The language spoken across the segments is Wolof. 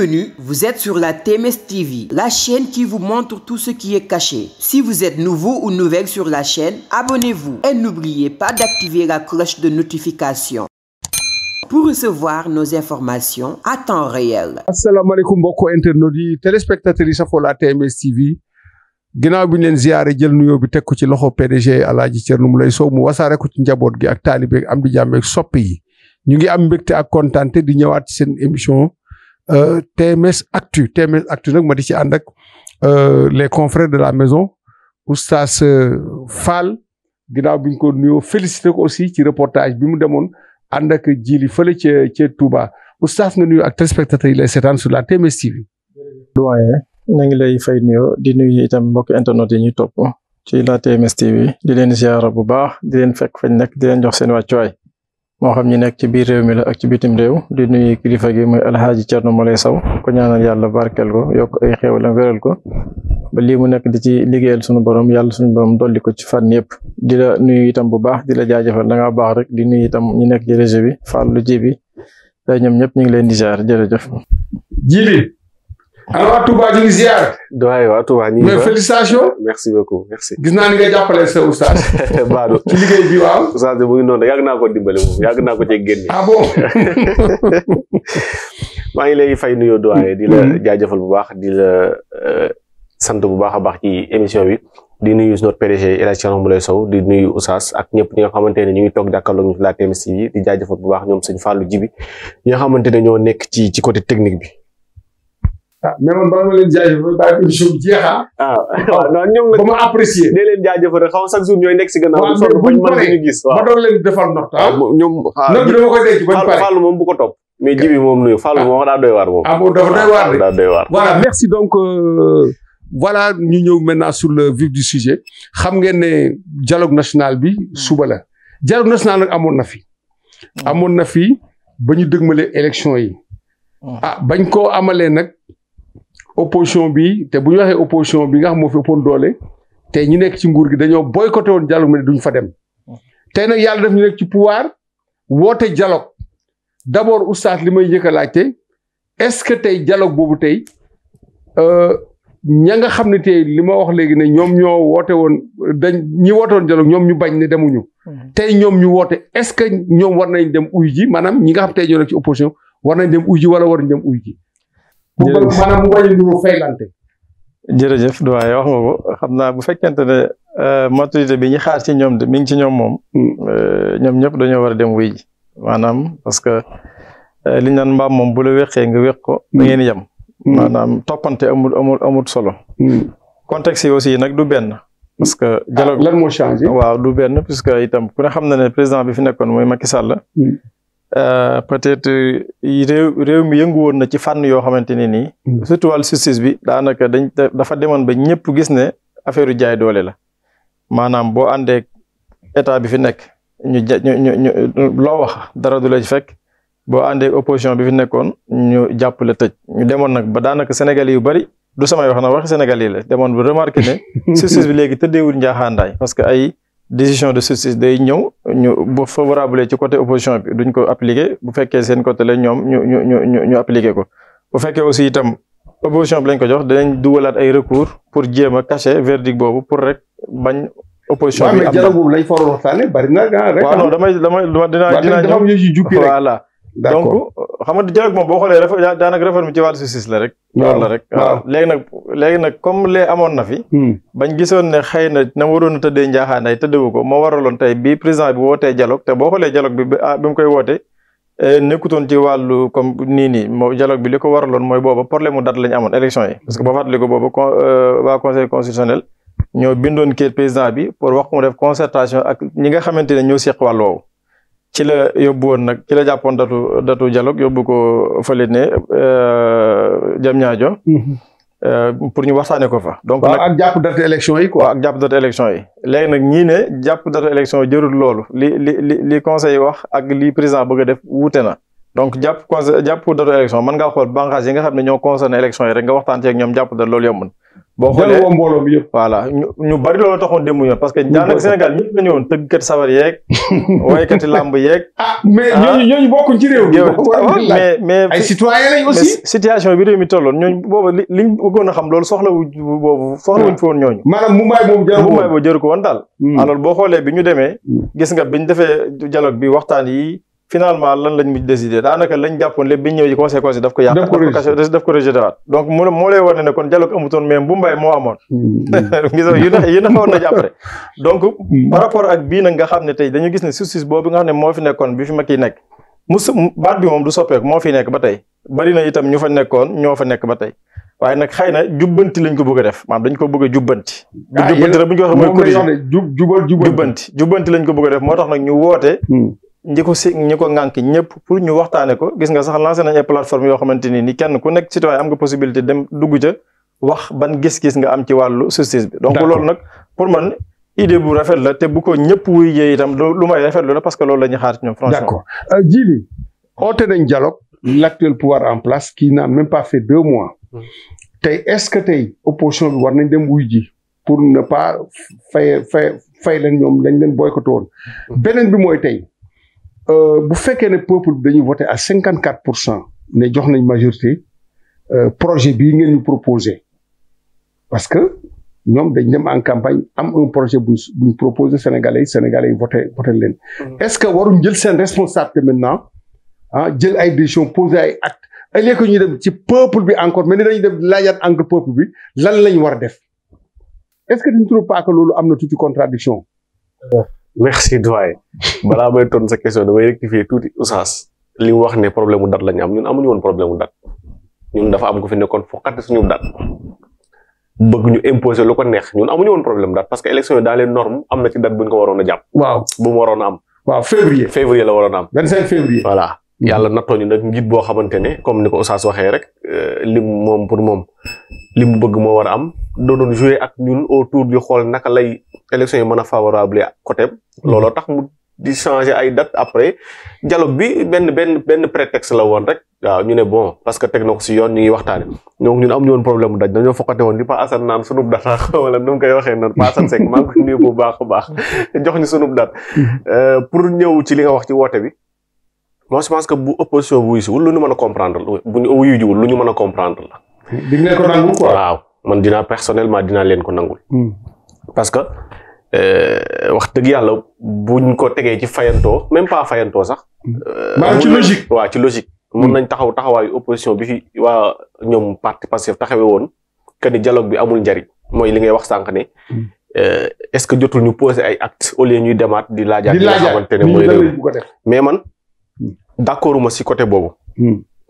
bienvenue, vous êtes la TMS TV, la chaîne qui vous montre tout ce qui est caché. Si vous êtes nouveau ou nouvelle sur la chaîne, abonnez-vous et n'oubliez pas d'activer la cloche de notification. pour recevoir nos informations à temps réel. asalaamaaleykum mbokku internautes yi téléspectateurs yi safoo la TMS TV ginnaaw bi ñu leen ziare jël nuyoo bi teg ci loxo PDG Alaaji Thierno Moulay Sow mu wasaare ko ci njaboot gi ak taalibe am di jàmm ak yi ñu ngi am mbégte ak kontaan di ñëwaat ci seen émission Euh, TMS Actu TMS Actu nag ma di ci ànd ak euh, les confrères de la maison oustaz euh, Fall ginnaaw bi ñu ko nuyo félicité ko aussi ci reportage bi mu demoon ànd ak jili fële ca ca Touba oustaz nga nuyu ak téléspectateurs yi lay seetaan sur la TMS TV. doyen na ngi lay fay nuyoo di nuyu itam mbokk internet yi ñuy top ci la TMS TV di leen ziara bu baax di leen fekk fañ nekk di leen jox seen wàccuwaay moo xam ñi nekk ci biir réew mi la ak ci bitim réew di nuyu kilifa gi muy alxaaji Thierno Moulay saw ko ñaanal yàlla barkeel ko yokk ay la wéral ko ba lii mu nekk di ci liggéeyal suñu borom yàlla suñu borom dolli ko ci fan yëpp di la nuyu itam bu baax di la jaajëfal danga ngaa baax rek di nuyu itam ñu nekk ci réseau bi lu Fallou Jibi ñoom ñëpp ñu ngi leen di ziar jërëjëf. ana waa Touba ñu ngi gis naa ni nga jàppale sa oustaz. Badou ci liggéey bi waaw. oustaz mu ngi noonu yàgg naa ko dimbale moom yàgg naa ko cee génne. ah bon. maa ngi lay fay nuyoo doy di la mm-hmm. jaajëfal bu baax di la euh, sant bu baax a baax ci émission bi. di nuyu notre PDG El Hadj Thierno Moulay Sow di nuyu Oustaz ak ñëpp ñi nga xamante ne ñu ngi toog jàkkaarloo ñu la TMS yi di jaajëfal bu baax ñoom sëñ Fallou Jibi ñi nga xamante ne ñoo nekk ci ci côté technique bi waaw ah, mais man bala ma leen ah. Ah, ba ma apprécié. nee leen jaajëfal rek xaw ma chaque jour ñooy nekk si gannaaw. waaw mais buñ paree gis bu ko topp. mais jibi moom nuyu Fallou moom daa doy waar moom. ah moom dafa euh, voilà ñu ñëw maintenant sur le xam ngeen ne dialogue national bi suba la dialogue national nag amoon na fi. Mm. amoon na fi ba ñu dëgmale élection yi. Mm. ah bañ koo amalee nag. opposition bi te bu ñu waxee opposition bi nga xam moo fi ëppoon doole te ñu nekk ci nguur gi dañoo boycotté woon dialogue ne duñ fa dem tey nag yàlla def ñu ci pouvoir woote dialogue d'abord oustaz li may njëkk a laajte est-ce que tey jaloog boobu tey euh, ña nga xam ne tey li ma wax léegi ne ñoom ñoo woote woon dañ ñi woote woon dialogue ñoom ñu bañ ne demuñu. Hmm. tey ñoom ñu woote est-ce que ñoom war nañ dem uy ji maanaam ñi nga xam tey ñoo nekk ci opposition war nañ dem uy ji wala war nañ dem uy ji. jërëjëf maanaam mu bañ jërëjëf doyen wax nga ko xam naa bu fekkente ne euh, maturité bi ñu xaar ci ñoom de mi ci ñoom moom. Hmm. Euh, ñoom ñëpp dañoo war a dem wuy ji maanaam parce que euh, liñ naan mbaam moom bu la weqee nga weq ko. da ngeen yem. Hmm. maanaam toppante amul amul amul solo. Hmm. contexte yi aussi nag du benn. parce que ah, dialogue lan moo changé. waaw du benn puisque itam ku ne xam na ne président bi fi nekkoon mooy Macky Sall. Euh, peut-être euh, réew réew mi yëngu woon na ci fànn yoo xamante ne nii. Hmm. surtout wàllu justice bi daanaka dañ dafa demoon ba ñëpp gis ne affaire jaay doole la maanaam boo àndee état bi fi nekk ñu ja ñu ñu loo wax dara du la ci fekk boo àndee opposition bi fi nekkoon ñu jàpp la tëj ñu demoon nag ba daanaka Sénégalais yu bari du samay wax na wax Sénégalais la demoon ba remarqué ne justice bi léegi tëddeewul njaaxaandaay parce que ay. décision de justice day ñëw ñu bu favorable ci côté opposition bi duñ ko appliquer bu fekkee seen côté la ñoom ñu ñu ñu ñu appliquer ko bu fekkee aussi itam opposition bi lañ ko jox dinañ dugalaat ay recours pour jéem a cacher verdict boobu pour rek bañ. opposition bi am na donc xam nga dialogue moom boo xoolee ref daanaka réforme ci wàllu justice la rek. loolu la rek waaw ah, léegi nag léegi nag amoon na fi. Hmm. bañ gisoon ne xëy na na waroon a tëddee njaaxaan ay tëddewu ko moo waraloon tey bii président bi wootee dialogue te boo xoolee dialogue bi ah, bi mu koy woote. Eh, nekkutoon ci wàllu comme nii nii moo dialogue bi li ko waraloon mooy booba problème mu date la ñu amoon élection yi. parce que boo fàttali ko booba con euh, waa conseil constitutionnel ñoo bindoon kii président bi pour wax mu def concertation ak ñi nga xamante ne ñoo seq wàll ci la yóbbu nag ci la jàppoon datu datu dialogue yóbbu ko fële ne euh, jam ñaajo mhm. euh, pour ñu waxtaanee ko fa. donc a ak jàpp date élection yi quoi. ak jàpp date élection yi léegi na ñii ne jàpp date élection jërul loolu li li li li conseil wax ak li président a a def wuute na. donc jàpp conseil jàpp date élection mën ngaa xool bànqaas yi nga xam ne ñoo concerné élection yi rek nga waxtaan ci ak ñoom jàpp date loolu yombul. boo xoolee woo mbooloo yëpp voilà ñu ñu bari loolu taxoon démb ñoon parce que daanaka Sénégal ñëpp la ñëwoon tëggkat sabar yeeg waykati làmb yeeg ah mais ñooñu ñooñu bokkuñ bi réew mi tolloon boobu li liñ bëggoon a xam loolu soxla wuñ boobu soxla wuñ fi woon ñooñu maanaam mumbaay boobu jaru mumbaay boobu jëru ko woon daal hmm. alors boo xoolee bi ñu demee hmm. gis nga biñ defee dialogue bi waxtaan yi finalement lan lañ mujj décidé daanaka lañ jàppoon lépp bi ñëw yi conséquence yi daf ko yàq. daf ko rejeté donc moo lay war ne ne kon dialogue amutoon mais bu mbay moo amoon. yu ne yu ne xawoon na hmm. ak bii nag nga xam ne tey dañu gis ne justice boobu nga xam ne moo fi nekkoon bi fi ma kii nekk. musu baat bi moom du soppeeku moo fi nekk ba tey bari na itam ñu fa nekkoon ñoo fa nekk ba tey. waaye nag xëy na jubbanti lañ ko bëgg def maanaam dañ ko bëgg a jubbanti. bu ah, jubbanti rek bu ñu ko waxee mooy corriger jubbanti jubbanti lañ ko bëgg a def moo tax nag ñu woote. Hmm. ñi ko si ñi ko ŋànk ñëpp pour ñu waxtaanee ko gis nga sax lancé nañ ay plateforme yoo xamante ni ni kenn ku nekk citoyen am nga possibilité dem dugg ca wax ban gis-gis nga am ci wàllu justice bi. donc loolu nag pour man idée bu rafet la te bu ko ñëpp wuy yee itam lu may lu la parce que loolu la ñuy xaar ci ñoom. franchement d'accord euh, Djily oote nañ dialogue l'actuel pouvoir en place qui n'a même pas fait deux mois. Hmm. tey est-ce que tey opposition bi war nañ dem wuy ji pour ne pas fay fay fay leen ñoom lañ leen boycotté woon. Hmm. beneen bi mooy tey. Euh, bu fekkee ne peuple bi dañu voté a cinquante quatre pour cent ne jox nañ majorité euh, projet bii ngeen ñu proposé parce que ñoom dañ dem en campagne am un projet buñ buñ proposé sénégalais yi sénégalais yi voté voté leen. Mm-hmm. est-ce que waruñ jël seen responsabilité maintenant ah jël ay décision posé ay acte ay léegi ñu dem ci peuple bi encore mais ni dañu dem laajaat encore peuple bi lan lañ war a def est-ce que tu ne trouves pas loolu am na tuuti contradiction merci doyen balaa may ton sa question damay rectifier tuuti oustaz li wax ne problème mu date la am ñun amuñu woon problème mu date ñun dafa am ko fi nekkoon fokkati suñu date bëgg ñu imposer lu ko neex ñun amuñu woon problème date parce que élection yi dans les normes am na ci date bu ñu ko waroon a jàpp. waaw bu mu waroon a am. waaw février février la waroon am. 25 février voilà. Mm-hmm. yàlla nattoo ñu nag njiit boo xamante ne comme ni ko oustaz waxee rek euh, lim moom pour moom li mu bëgg moo war a am doonoon jouer ak ñun autour di xool naka lay élection yi mën a favorable côté looloo tax mu di changer ay date après dialogue bi benn benn benn la woon rek waaw ñu ne bon parce que teg na ko si yoon ñu ngi waxtaane ñoom ñun am ñu woon problème daj dañoo fokkate woon li Pa Assane naan sunub data wala nu mu koy waxee noonu Pa Assane Seck baax a baax jox ñu sunub date euh, pour ñëw ci li nga wax ci woote bi moi je pense que bu opposition bu wuyu mën a comprendre bu wuyu jiwul lu ñu mën a comprendre la di ngeen ko nangul man dinaa personnellement dinaa leen ko nangul. Hmm. parce que euh, wax dëgg yàlla buñ ko tegee ci fayantoo même pas fayantoo sax. Hmm. Euh, maanaam ci logique waaw ci logique. mun hmm. nañ taxaw taxawaayu opposition bi fi waa ñoom parti Pastef taxawee woon que ni dialogue bi amul njariñ mooy li ngay wax sànq ne. Euh, est-ce que jotul ñu poser ay actes au lieu ñuy demaat di laajaat. di laajaat xamante mooy réew mais man d'accorduma si côté boobu.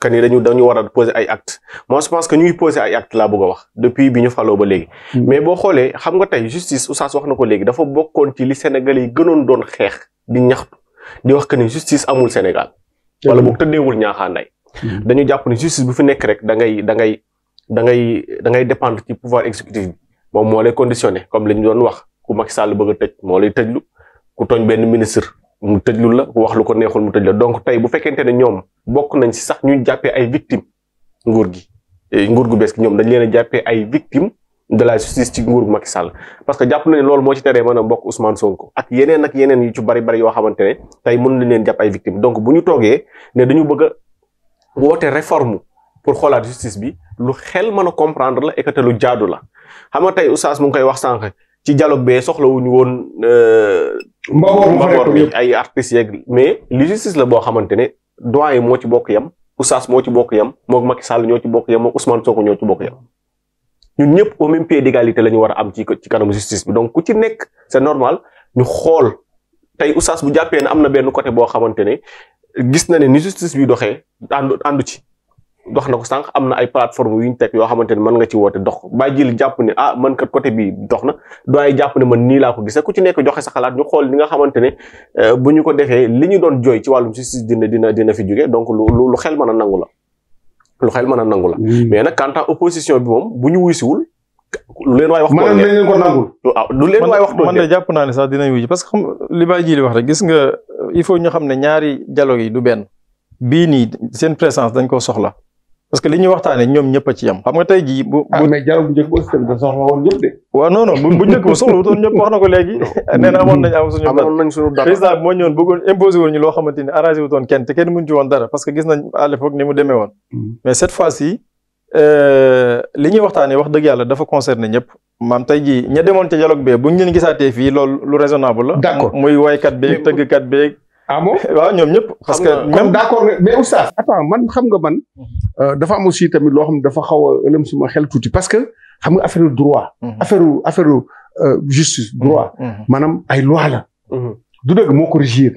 que ni dañu dañu war a poser ay actes moi je pense que ñu ngi poser ay actes laa bëgg wax depuis bi ñu faloo ba léegi. Mm. mais boo xoolee xam nga tey justice Oustaz wax na ko léegi dafa bokkoon ci li Sénégalais yi gënoon doon xeex di ñaxtu di wax que ni justice amul Sénégal. wala boog tëddeewul ñaaxaanday. Mm. dañu jàpp ni justice bu fi nekk rek da ngay da da ngay da ngay dépendre ci pouvoir exécutif bi moom moo lay conditionné comme lañu doon wax ku Macky Sall bëgg a tëj moo lay tëjlu ku tooñ benn ministre. mu tëjlu la wax lu ko neexul mu tëj la donc tey bu fekkente ne ñoom bokk nañ si sax ñu jàppee ay victimes nguur gi eh, nguur gu bees ñoom dañ leen a jàppee ay victimes de la justice ci nguur gu mag Sall parce que jàpp nañ loolu moo ci teree mën a bokk Ousmane Sonko ak yeneen ak yeneen yu ci bari bari yoo xamante ne tey mën nañ leen jàpp ay victimes donc bu ñu toogee ne dañu bëgg a woote réforme pour xoolaat justice bi lu xel mën a comprendre la et lu jaadu la xam nga tey oustaz mu ngi koy wax sànq. ci dialogue bee soxlawuñu woon. Euh, mbooloo bi ay artistes yeeg mais li justice la boo xamante ne doyen moo ci bokk yam Oustaz moo ci bokk yam moom Macky Sall ñoo ci bokk yam moom Ousmane Sonko ñoo ci bokk yam ñun ñëpp au même pied d'égalité la ñu war a am ci ci kanam justice bi donc ku ci nekk c'est normal ñu xool tey Oustaz bu jàppee ne am na benn côté boo xamante ne gis na ne ni justice bi doxee ànd àndu ci dox na ko sànq am na ay plateforme yu ñu teg yoo xamante ni mën nga ci woote dox bàyyi jili jàpp ne ah man kat côté bi dox na ay jàpp ne man nii laa ko gisee ku ci nekk joxe sa xalaat ñu xool li xamante ne euh, bu ñu ko defee li ñu doon jooy ci wàllum justice dina dina dina fi jóge donc lu lu xel mën a nangu la lu xel mën a nangu la mm. mais nag quant à opposition bi moom bu ñu wuysiwul lu waay wax man leen ko lu leen waay wax man de jàpp naa ne sax dinañ wuy parce que xam li bàyyi jili wax rek gis nga euh, il faut ñu xam ne ñaari dialogue yi du benn bii nii seen présence dañ ko soxla parce que li ñuy waxtaanee ñoom ñëpp a ci yam xam nga tey jii. bu bu ah, mais jaraw bu njëkk ba bu soxla wutoon ñëpp wax na ko léegi nee amoon nañ am suñu. amoon nañ suñu dara président bëggoon imposé woon loo xamante ni wutoon kenn te kenn mënu ci woon dara parce que gis nañ à l'époque ni mu demee woon. Hmm. mais cette fois ci euh, li ñuy waxtaanee wax dëgg yàlla dafa concerné ñëpp. maam tey jii ña demoon ca dialogue bee bu ñu leen gisaatee fii loolu lu raisonnable la. d'accord muy ah bon waaw ñoom ñëpp. parce que même d'accord mais oustaz. attends man xam nga man. Mhm. Euh, dafa am aussi tamit loo xam ne dafa xaw a ëlëm suma xel tuuti parce que xam nga affaire droit. Mhm. affaire affaire euh, justice mhm. droit. maanaam ay loi la. du dëgg moo ko régir.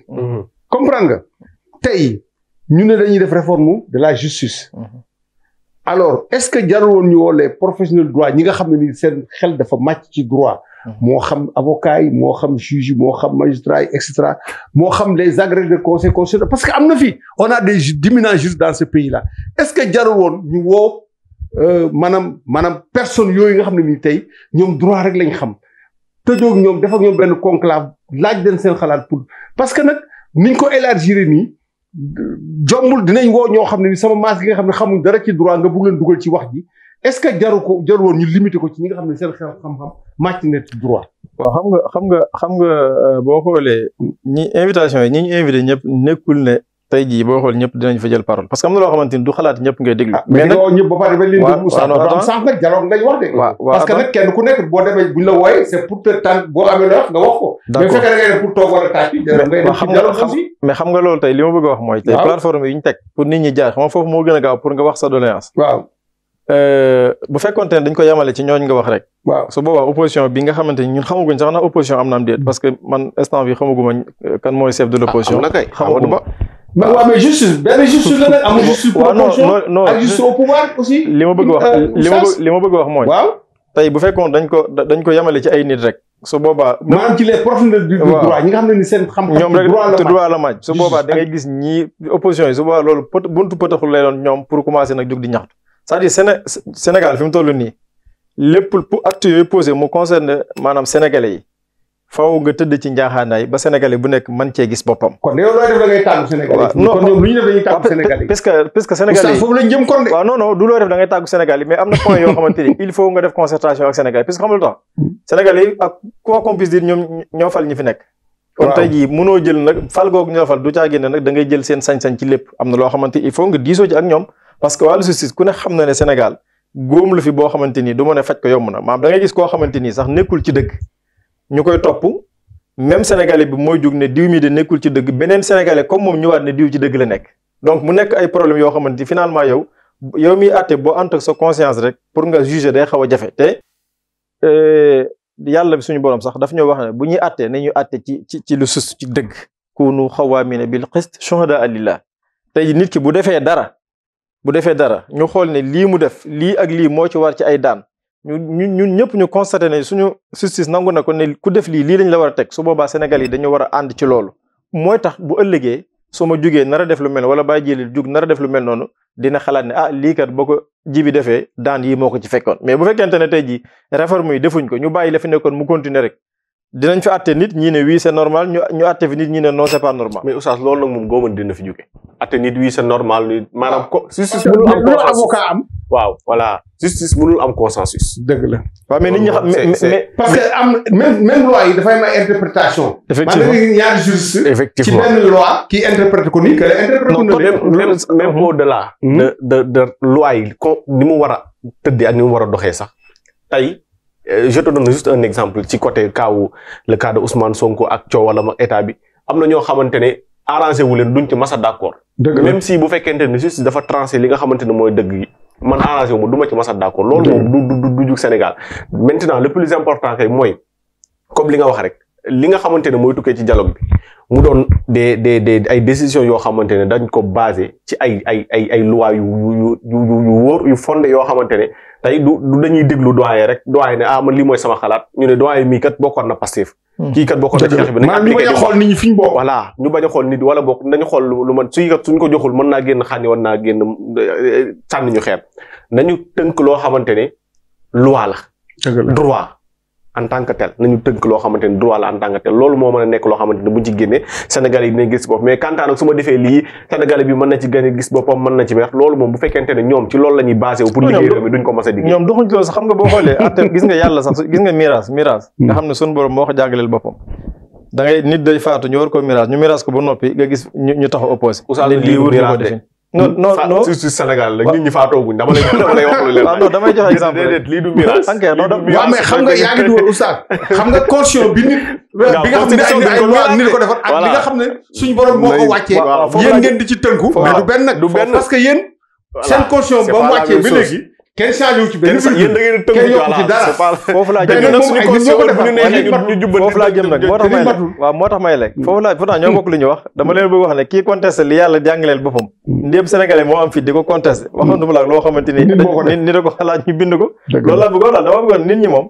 nga tey ñu ne dañuy def réforme de la justice. alors est-ce que jarul woon ñu woo les professionnels droit ñi nga xam ne ni seen xel dafa màcc ci droit. moo xam avocat yi moo xam juge yi moo xam magistrat yi et cetera moo xam les agrégés de conseil constitutionnel parce que am na fi on a des d'éminents juristes dans ce pays la est ce que jarul woon ñu woo euh, maanaam maanaam personne yooyu nga xam ne nii tey ñoom droit rek lañ xam tëjoog ñoom def ak ñoom benn conclave laaj leen seen xalaat pour parce que nag niñ ko élargir nii jombul dinañ woo ñoo xam ne ni sama maas gi nga xam ne xamuñ dara ci droit nga bugg leen dugal ci wax ji est ce que jaru ko jaru woon ñu limité ko ci ñi nga xam ne seen xel xam-xam màcc na ci droit. xam nga xam nga xam nga euh, boo xoolee ñi invitation yi ñi ñu invité ñëpp nekkul ne tey jii boo xool ñëpp dinañ fa jël parole parce que am loo xamante ni du xalaat ñëpp ngay déglu. Ah, mais nag ñëpp ba pare ba parce que nag kenn ku nekk boo demee buñ la wooyee c'est pour te tànn boo amee loo nga wax ko. d'accord da ngay def pour toog wala tàcc. xam nga loolu tey li ma bëgg wax mooy. tey plateforme yi ñu teg pour nit ñi jaar xam nga foofu moo gën a gaaw pour nga wax sa doléance. Euh, bu fekkonte ne dañ ko yemale ci ñooñ nga wax rek. waaw su boobaa opposition bi nga xamante ni ñun xamaguñ sax na opposition am na am déet parce que man instant bi xamaguma kan mooy chef de l' ah, li ma bëgg wax euh, li ma li ma bëgg wax mooy. waaw tey bu fekkoon dañ ko dañ ko yemale ci ay nit rek. su boobaa. maanaam ci les xam seen xam ñoom rek te droit la maaj su boobaa da gis ñii opposition yi su boobaa loolu pot buntu potaxul lay ñoom pour commencer nag jug di ñaxtu c'est-à-dire Séné Sénégal fi mu toll nii lépp acte yooyu posé mu concerne maanaam sénégalais yi faaw nga tëdd ci njaaxaanaay ba sénégalais bu nekk man cee gis boppam. kon yow looy def da ngay tàggu sénégalais. non kon ñoom lu ñu de. waaw non non du looy mais am na point yoo xamante il faut nga def concertation ak sénégalais parce que xam nga lu tax. sénégalais yi ak quoi qu'on puisse ñoom ñoo fal ñi fi nekk. kon tey jii mënoo jël nag fal goog ñoo du caa génne nag da ngay jël seen sañ-sañ ci lépp am na loo xamante il faut nga diisoo ci ak ñoom parce que wàllu justice ku ne xam na ne Sénégal góom lu fi boo xamante ni du ma ne faj ko yomb na maam da ngay gis koo xamante ni sax nekkul ci dëgg ñu koy topp même sénégalais bi mooy jug ne diw mi de nekkul ci dëgg beneen sénégalais comme moom ñëwaat ne diw ci dëgg la nekk. donc mu nekk ay problème yoo xamante ni finalement yow yow mi àtte boo ànd ak sa conscience rek pour nga juger day xaw a jafe te euh, yàlla bi suñu borom sax daf ñoo wax ne bu ñuy àttee nañu àtte ci ci ci lu sus ci dëgg. kunu xawaamina bil qist shuhada lillah tey nit ki bu defee dara. bu defee dara ñu xool ne lii mu def lii ak lii moo ci war ci ay daan ñu ñu ñun ñëpp ñu constaté ne suñu justice nangu na ko ne ku def lii lii lañ la war a teg su boobaa Sénégal yi dañu war a ànd ci loolu mooy tax bu ëllëgee su ma jugee nar a def lu mel wala bàyyi jëli jug nar def lu mel noonu dina xalaat ne ah lii kat boo ko ji defee daan yi moo ko ci fekkoon mais bu fekkente ne tey jii réforme yi defuñ ko ñu bàyyi la fi nekkoon mu continuer rek dinañ fi àtte nit ñi ne oui c'est normal ñu ñu àtte fi nit ñi ne non c'est pas normal. mais Oustaz loolu nag moom góob dina fi jóge. àtte nit oui c'est normal nit maanaam. ko justice mënul am avocat am. waaw voilà justice mënul dëgg la waaw mais nit ñi xam mais parce que am même loi yi dafay am ay interprétation. effectivement maanaam ñaari juriste. effectivement ci benn loi. kii interprète ko la ko même même au de de de loi ko ni mu war a tëddee ak ni mu war a doxee sax Euh, je te donne juste un exemple ci côté kaawu le cas de Ousmane Sonko ak coowalam ak état bi am na ñoo xamante ne arrangé wu leen duñ ci masa d'accord même si bu fekkente ne juste dafa tranché li nga xamante ne mooy dëgg yi man arrangé wu ma du ma ci masa d'accord loolu du du du jug Sénégal maintenant le plus important kay mooy comme li nga wax rek li nga xamante ne mooy tukkee ci dialogue bi mu doon de des des ay décisions yoo xamante ne dañ ko basé ci ay ay ay ay loi yu yu yu yu wóor yu fondé yoo xamante ne tey du du dañuy déglu doyen rek doyen ne ah man lii mooy sama xalaat ñu ne doyen mii kat bokkoon na Pastef. Hmm. kii kat bokkoon na xeex bi. a xool nit ñi fi ñu ñu bañ a xool wala bokk nañu xool lu man suy kat suñ ko joxul mën naa génn xànni war naa génn sànni eh, eh, ñu xeer nañu tënk loo xamante ne loi la. droit. en tant que tel nañu tënk loo xamante ni droit la en tel loolu moo a nekk loo xamante bu ci génnee yi dinañ gis bopp mais quant à defee lii sénégalais bi mën na ci gën a gis boppam mën na ci meex loolu moom bu fekkente ne ñoom ci loolu la ñuy basé wu pour mi duñ ko mos a liggéey ñoom doxuñ loolu sax xam nga boo xoolee atte gis nga yàlla sax gis nga miraas miraas hmm. nga xam ne suñu borom moo ko jàngaleel boppam da nit day faatu non non non surtout Sénégal la nit ñi faatooguñ dama lay dama lay wax lu leen. Ah, waaw non xam nga yaa ngi dugal oustaz xam nga caution bi nit. bi nga xam ne ay ay loi nit ko defar bi nga xam ne suñu borom moo ko wàccee. yéen di ci tënku. mais du benn nag. du benn parce que yéen. seen caution ba mu wàccee bi léegi. kenn changé ci benn benn ci wala foofu laa jëm nag suñu question bu ñu foofu laa jëm nag moo tax may lekk waaw moo tax may lekk foofu laa pourtant ñoo bokk lu ñu wax dama mm. moo am fii di ko mm. laa loo xamante ni ni da ko xalaat ñu bind ko loolu laa bëggoon daal moom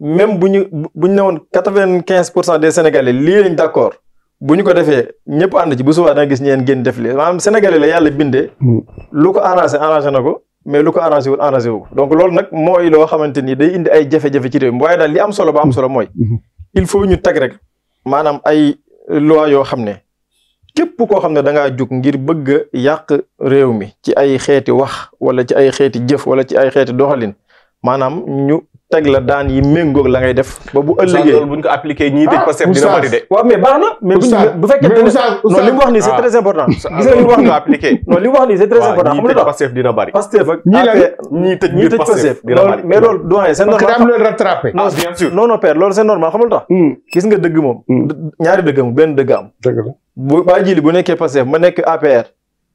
même bu ñu bu ñu ne woon quatre-vingt-quinze pour cent des sénégalais lii lañ d'accord bu ñu ko defee ñëpp ànd ci bu subaa da nga gis ñeen génn def li maanaam sénégalais la yàlla bindee mm. lu ko arrangé arrangé na ko mais lu ko arrangé wul arrangé wu donc loolu nag mooy loo xamante ni day indi ay jafe-jafe ci réew mi daal li am solo ba am solo mooy. Mhm. il faut ñu teg rek maanaam ay loi yoo xam ne képp koo xam ne da ngaa jug ngir bëgg a yàq réew mi ci ay xeeti wax wala ci ay xeeti jëf wala ci ay xeeti doxalin maanaam ñu teg la daan yi méngoog la ngay def. ba bu ëllëgee ñii tëj ko dina bari de. waaw mais baax na. bu fekkee non ah. important. gis nga wax nii c'est très important xam loolu doyen normal. parce ah, loolu c'est normal xam nga lu hmm. nga dëgg moom. Hmm. ñaari dëgg moom benn dëgg am. dëgg la bu nekkee Pastef ma nekk APR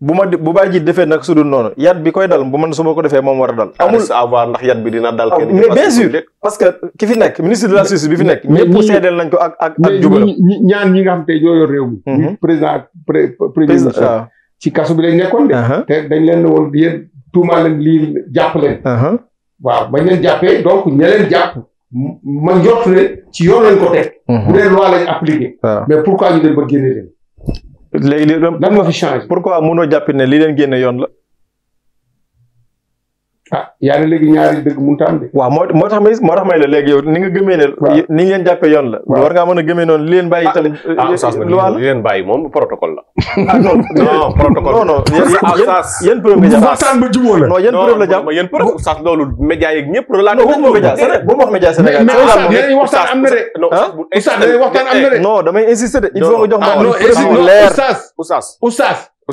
bu ma bu bàyyi ji defee nag su dul noonu yat bi koy dal bu man su ma ko defee moom war a dal. amul ndax yat bi dina dal. Ah, kenn mais parce que ki fi nekk ministre de la justice bi fi nekk. ñëpp seedeel nañ ñi nga xam te ñoo yor réew mi. Mhm. président premier ministre ci kaso bi lañ nekkoon de. Uh-huh. dañ leen woon yéen tuumaa leen lii jàpp leen. Uh-huh. waaw bañ leen jàppee donc ña jàpp. man jot ne ci yoon lañ ko teg. Uh-huh. bu dee loi lañ appliqué. mais pourquoi ñu dem ba génne leen. léegi li lan moo fi changé pourquoi mënoo jàpp ne li leen génne yoon la. ah yaa ne léegi ñaari dëgg mënut a am de. waaw moo moo tax may moo tax may la léegi yow ni nga gëmee ne. ni ngeen jàppee yoon la. war ngaa mën a gëmee noonu li leen bàyyi itam. ah, ah li leen bàyyi moom protocole la. ah bi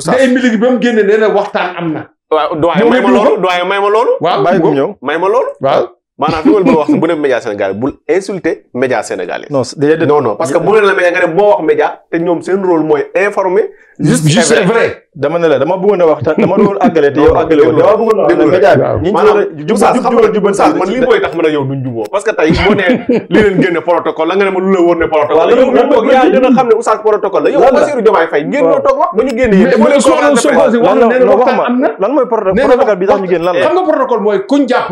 ah, mu génne nee waxtaan am na waaw doyen may ma loolu doyen may ma loolu. waaw bàyyi mu ñëw may ma loolu. waaw maanaam fi ma la bëgg a wax bu ne média sénégalais bul insulter média sénégalais. non non non parce que bu ne la média nga ne boo wax média te ñoom seen rôle mooy informer. juste c'est vrai dama ne la dama bëggoon a wax dama doon àggale te yow àggale woon dama bëggoon a wax ne média bi. maanaam jub jubal jubal saa man lii mooy tax ma ne yow duñ juboo parce que tey boo nee li leen génne protocole la nga ne ma lu la wóor ne protocole. yow ñu toog yaa dina xam ne oustaz protocole la yow Bassirou Diomaye Faye ngeen ñoo toog wax ba ñu génne yéen. mais Ousmane Sonko wax na ne waxtaan am na. lan mooy protocole bi tax ñu génn lan la. xam nga protocole mooy kuñ jàpp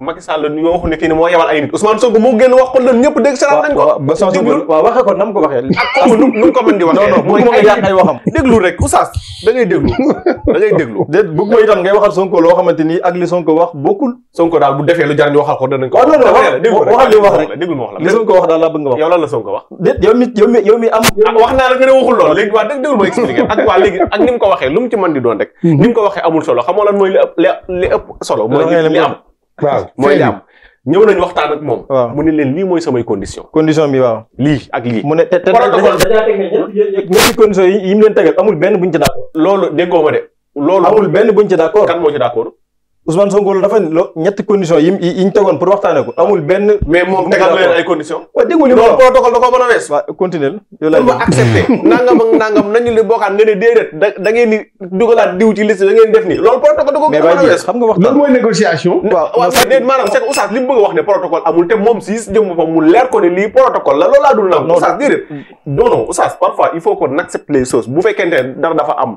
Macky Sall ñu waxu ne kii ne moo yebal ay nit Ousmane Sonko moo génn wax ko loolu ñëpp dégg seetaan nañ ko waaw waxee ko ko ay yàq ay waxam déglu rek Oustaz da ngay déglu loo xamante ni ak li Sonko wax bokkul Sonko daal bu defee lu jar ñu a ko danañ ko non non waxal li wax rek déglu ma wax la li Sonko wax daal laa bëgg nga wax yow lan la wax déet yow mi ah, ma expliquer ak waa ko waxee lu mu ci mën di doon rek hmm. ni ko waxee amul solo xamoo lan mooy li ëpp li ëpp solo mooy li am waaw mooy li am ñëw nañu waxtaan ak moom. waaw mu ne leen lii mooy samay condition condition bi waaw. lii ak lii. mu ne te te ñetti condition yi yi mu leen tegal amul benn buñ ci d'accord. loolu déggoo ma de. loolu amul benn buñ ci d'accord. kan moo ci d'accord. Ousmane Sonko la dafa ñetti condition yi yi ñu tegoon pour waxtaanee ko amul benn. mais moom da koo mën di dugalaat diw ci liste da ngeen a wees. xam nga waxtaan mu bëgg wax ne protocole amul te moom siis jëm fa mu leer ko ne lii protocole la loolu laa dul nag. non non Oustaz parfois il faut qu'on accepte les choses bu fekkente dara dafa am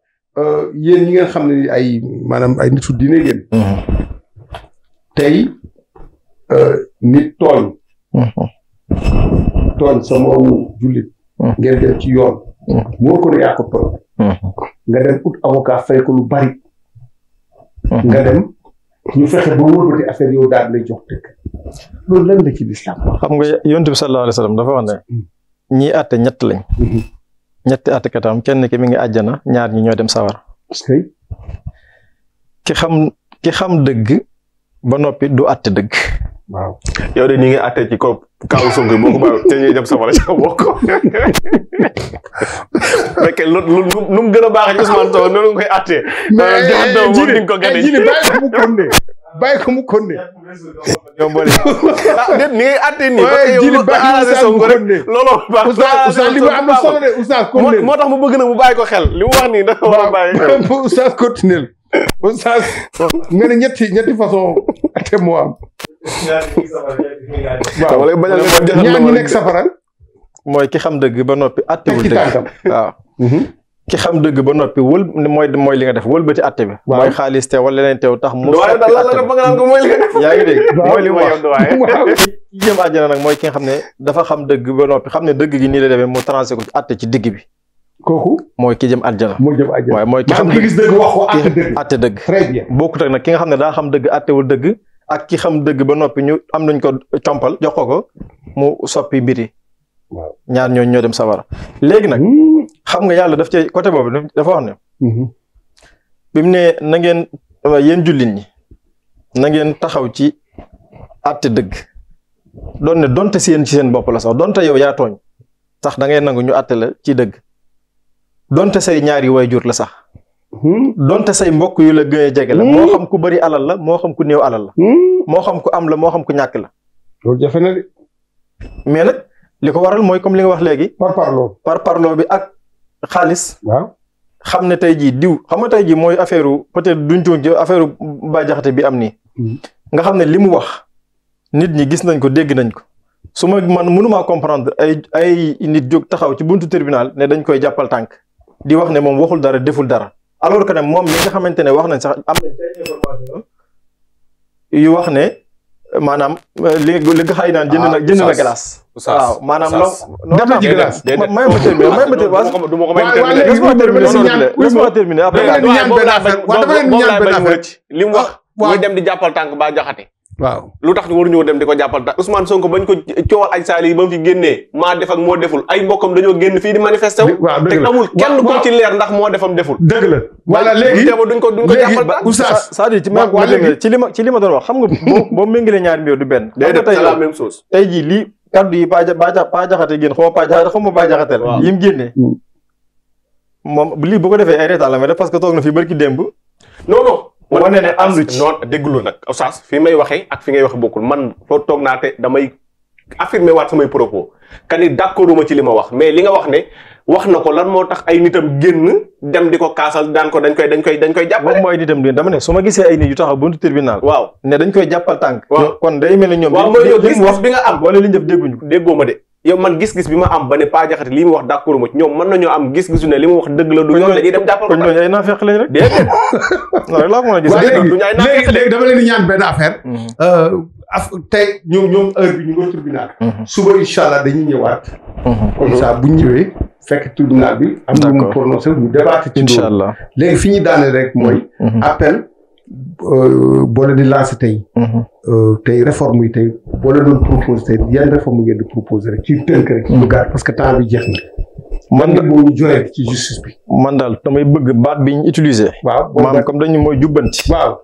Euh, yéen ñi ngeen xam ne ay maanaam ay nitu diine ngeen. Mm-hmm. tey euh, nit tooñ. Mm-hmm. tooñ sa moroomu jullit. Mm-hmm. ngeen dem ci yoon. mu ko ne yaa ko tooñ. nga dem ut avocat fay ko lu bari. nga dem ñu fexe ba wóorbati affaire yow daal lay jox dëkk. loolu lan la ci lislaam xam nga yonent bi sallallahu alayhi wa sallam dafa wax ne ñii àtte ñett lañ. ñetti attekatam kenn ki mi ngi àjjana ñaar ñi ñoo dem sawar ki xam ki xam dëgg ba noppi du àtte dëgg waaw yow de ñu ngi àtte ci kaw kaw Sonko boo ko bàyyi te ñuy dem safara ca bokk fekk mu gën a baax ci Ousmane Sonko noonu nga koy àtte. mais jërëjëf eh, ko gën a eh, ko mu konde bàyyi ko mu konde. ñoom boole ah déet ni eh, looloo baax. Oustaz Oustaz li mu am moo tax mu bëgg na mu bàyyi ko xel li mu wax nii dafa war a bàyyi xel. Oustaz continué Oustaz nga ne ñetti ñetti façon àtte moo am. waaw wala bañ a leen ñaar safara mooy ki xam dëgg ba noppi attewul dëgg waaw mhm. xam dëgg ba noppi wël mooy mooy li nga def wëlbati atte bi mooy xaalis te wala leneen teew tax mu waaye daal la mooy li nga def yaa ngi dégg mooy li ma jëm àjjana mooy ki nga xam ne dafa xam dëgg ba noppi xam ne dëgg gi nii la demee mu transé ko ci atte ci digg bi kooku mooy ki jëm àjjana mooy jëm àjjana waaye mooy ki xam dëgg dëgg atte dëgg très bien ki nga xam ne daa xam dëgg attewul dëgg ak ki xam dëgg ba noppi ñu am nañ ko compal jox ko ko mu soppi mbir yi ñaar ñooñu ñoo dem sawara léegi nag xam nga yàlla daf ci côté boobu dafa wax ne mm-hmm. bi mu ne na ngeen yéen jullit ñi na ngeen taxaw ci àtte dëgg doon ne donte seen ci seen bopp la sax donte yow yaa tooñ sax da ngay nangu ñu àtte la ci dëgg donte say ñaari jur la sax Hmm? donte say mbokk yu la gën a jege la. Hmm? moo xam ku bari alal la moo xam ku néew alal la. Hmm? moo xam ku am la moo xam ku ñàkk la. loolu jafe na mais nag li ko waral mooy comme li nga wax léegi. par par parloo bi ak xaalis. waaw xam ne tey jii diw xam nga tey jii mooy affaire peut-être duñ ci affaire Bah Diakhaté bi am nii. nga xam ne li mu wax nit ñi gis nañ ko dégg nañ ko su ma man mënumaa comprendre ay ay nit jóg taxaw ci buntu tribunal ne dañ koy jàppal tànk di wax ne moom waxul dara deful dara. alors que nag moom mi nga xamante ne wax nañ sax wax ne maanaam li li xay naan jënd na jënd na glace. maanaam loo. def na ji glace ma terminer may ma terminer waaw du ma ko may terminer laisse-moi terminer laisse-moi terminer après. waaw waaw waaw waaw waaw waaw waaw waaw waaw waaw waaw lu tax waruñoo dem di ko jàppal ta Ousmane Sonko bañ ko coowal aj saali yi ba mu fi génnee maa def moo deful ay mbokkam dañoo génn fii di manifester wu te amul kenn moo defam deful dëgg la ko duñ ko jàppal li ma ci doon wax xam nga boo hmm? boo méngalee ñaari mbir du benn day def la même chose tey jii lii kaddu yi paa paa jaxate génn xaw ma paa jaxate xaw génnee hmm. lii bu ko defee ay reetaan la mais def parce que toog na fii barki démb non wane ne am àndu ci non dégglu nag oustaz fi may waxee ak fi ngay wax bokkul man foo toog naate damay affirmer waat samay propos kani d'accorduma ci li ma wax mais li nga wax ne wax na ko lan moo tax ay nitam génn dem di ko kaasal daan ko dañ koy dañ koy dañ koy jàppale mooy nitam dama ne su ma gisee ay nit yu taxaw buntu tribunal waaw ne dañ koy jàppal tànk kon day mel ne ñoom waaw mooy yow bi nga am wala li ñu def dégguñu ma de yow man gis-gis bi ma am ba ne Paa Jaxate li mu wax d'accord ma ci ñoom mën nañoo am gis-gisu ne li mu wax dëgg la. du yoon dañuy dem jàppal ko kon ñooñu ay naafeq lañ rek. laa ko dama leen ñaan benn affaire. Mhm. Euh, af tey ñoom ñoom heure bi ñu nga tribunal. Mhm. suba incha allah dañuy ñëwaat. Mhm. comme ça bu ñu ñëwee fekk tribunal bi. am na mu prononcé ñu débattre ci. incha léegi fi ñuy daane rek mooy. appel. boo leen di lancé tey. Mhm. Euh, tey réforme yi tey boo leen doon proposé tey yan réforme ngeen di proposé rek ci tënk rek. lu mhm. gàtt parce que temps bi jeex na. man de boo ñu joxe ci man daal damay bëgg baat bi ñu utilisé. waaw maam comme dañu mooy jubbanti. waaw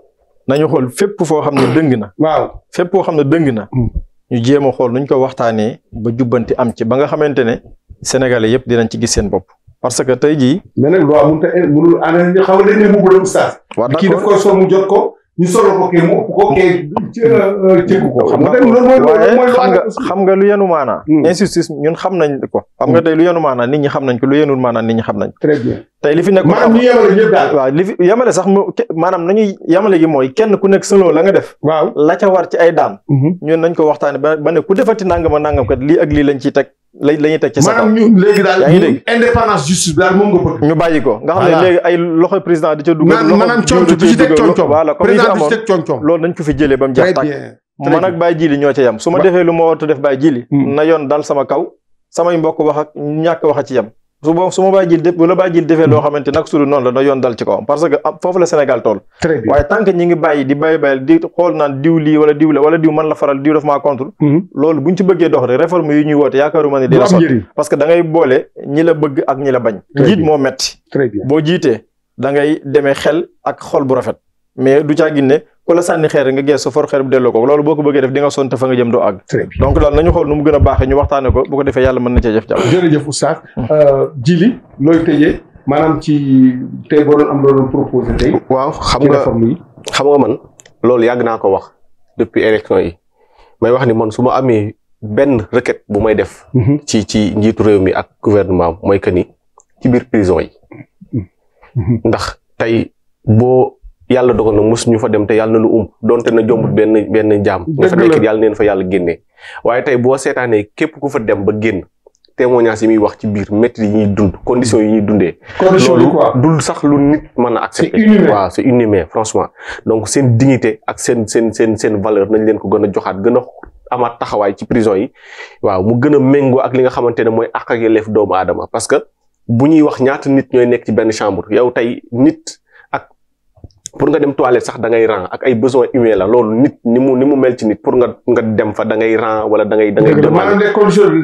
nañu xool fépp foo xam ne dëng na. waaw fépp foo xam ne dëng na. Mm. ñu jéem a xool nuñ ko waxtaanee ba jubbanti am ci ba nga xamante ne sénégalais yëpp dinañ ci gis seen bopp. parce que tey jii. mais nag loi mënut a e-, mënul ànd ñu xaw a leen ne mu bële oustaz. waaw d'accord kii daf koy sol mu jot ko ñu soloo ko kii mu ëpp ko kii jéggi euh, euh, ko. xam nga loolu mooy loolu mooy xam nga xam nga lu yenu maanaa. Hmm. injustice ñun xam nañ ko. xam nga hmm. tey lu yenu maanaa nit ñi xam nañ ko lu yenul maanaa nit ñi xam nañ ko. très bien tey li fi nekk. maanaam ñu yemale ñëpp daal. waaw li fi yemale sax mu maanaam nañuy yemale gi mooy kenn ku nekk selon la nga def. waaw la ca war ci ay daan. Hmm. ñun nañ ko waxtaanee ba ne ku defati nangam a nangam kat lii ak lii lañ ciy teg lañ la ñuy teg ci sa kaw léegi daal indépendance justice bi daal moom nga bëgg. ñu bàyyi ko nga xam ne léegi ay loxo président di ca dugal. maanaam coono du ci teg coom voilà comme ni loolu nañ ko fi jëlee ba mu jeex tàkk man ak Baye Djily ñoo ca yam su ma defee lu ma warut a def Baye Djily hmm. na yoon daal sama kaw samay mbokk wax ak ñàkk wax a ci yam su boobu su ma bàyyi ji defee loo xamante nag su dul noonu la da yoon dal ci kawam parce que ah, foofu la Sénégal toll. waaye tant ñi ngi bàyyi di bàyyi bàyyi di xool naan diw lii wala diw diw man la faral diw daf maa contre. Mm-hmm. loolu bu ñu ci bëggee dox rek yi ñuy woote yaakaaruma ne. du am njëriñ parce que da boole ñi la bëgg ak ñi la bañ. jiit moo metti. boo jiitee da ngay xel ak xol bu rafet mais du caa ginne ku la sànni xeer nga geesu for xeer bi delloo ko loolu mm. euh, maanaam ci boo doon am loolu proposé tey waaw xam nga xam nga man loolu yàgg naa ko wax depuis élection yi may wax ni man su ma amee benn requête bu may def mm-hmm. ci ci njiitu réew mi ak gouvernement mooy que ni ci biir prison yi mm-hmm. Mm-hmm. ndax tey boo yàlla dogal na mos ñu fa dem te yàlla na lu um donte na jombut benn benn jaam. nga fa nekk yàlla neen fa yàlla génnee. waaye tey boo seetaanee képp ku fa dem ba génn témoignage yi muy wax ci biir métti yi ñuy dund conditions yi ñuy dundee. condition yi dul sax lu nit mën a accepter. waaw c'est inhumain franchement. donc seen dignité ak seen seen seen seen valeur nañ leen ko gën a joxaat gën a amaat taxawaay ci prison yi waaw mu gën a méngoo ak li nga xamante ne mooy àq ak yelleef doomu aadama parce que bu ñuy wax ñaata nit ñooy nekk ci benn chambre yow tey nit pour nga dem toilette sax dangay ran rang ak ay besoin humain la loolu nit ni mu ni mu mel ci nit pour nga nga dem fa da ran rang wala da ngay. da ngay demander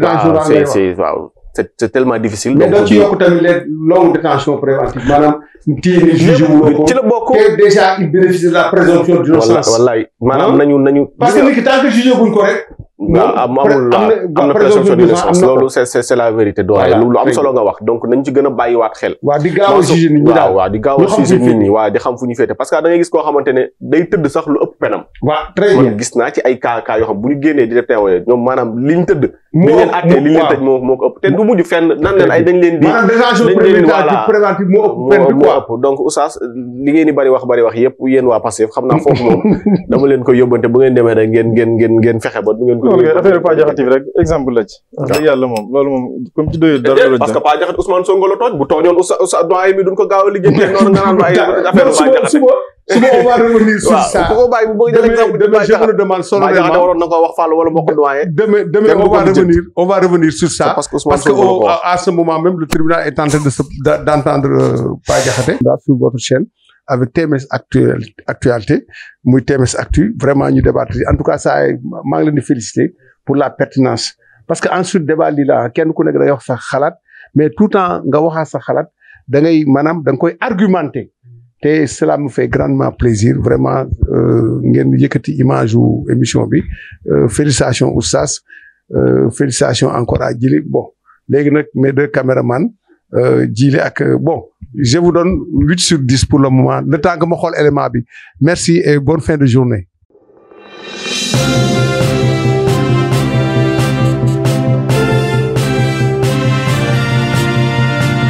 waaw c'est c'est waaw c'est c'est tellement mais da ci yokk tamit les longues détentions préventives maanaam. téye juge mu ko la bokk te déjà il bénéficie de la présomption d'innocence. wallaay maanaam ah. nañu nañu. parce que nit ki tant que jugé guñ ko rek. am na présomption d'innocence loolu c'est la vérité doyen lu am solo nga wax donc nañ ci gën a bàyyi waat xel waaw di gaaw a jugé nit ñi di xam fu ñu féete parce que da gis koo xamante ne day tëdd sax lu ëpp penam waaw très bien gis naa ci ay cas cas yoo bu ñu génnee di def teewalee ñoom maanaam liñ tëdd moo ëpp moo leen àttee li leen du mujj fenn nan leen ay dañ leen di. maanaam déjà ëpp fenn ëpp donc oustaz li ngeen bari wax bari wax yëpp yéen waa Pastef xam naa foofu moom dama leen koy yóbbante bu ngeen demee rek ngeen ngeen ngeen ngeen fexe ba du ngeen ko affaire Paa Diakhaté rek exemple la ci wax dëgg yàlla moom loolu moom ci doyul dara parce que Paa Diakhaté tooñ bu tooñoon oustaz doyen bi duñ ko gaaw a liggéey noonu nga ay affaire Paa Diakhaté suba on va revenir sur ça waaw bàyyi bu bëgg exemple demain je me demande solennellement waroon na ko wax Fallou wala moo ko doyen demain demain on va parce que parce que moment même le tribunal est en train de euh, sur votre chaîne avec TMS actualité muy TMS actu vraiment ñu débattre en tout cas ça maa ngi leen di féliciter pour la pertinence parce que ensuite débat lii la kenn ku nekk da ngay wax sa xalaat mais tout le temps nga waxaa sa xalaat da ngay maanaam da nga koy argumenté te cela me fait grandement plaisir vraiment euh, ngeen yëkkati image wu émission bi euh, félicitations oustaz euh, félicitations encore à Djili bon léegi nag mes deux caméramans Djili ak bon je vous donne huit sur dix pour le moment le temps que ma xool élément bi merci et bon fin de journée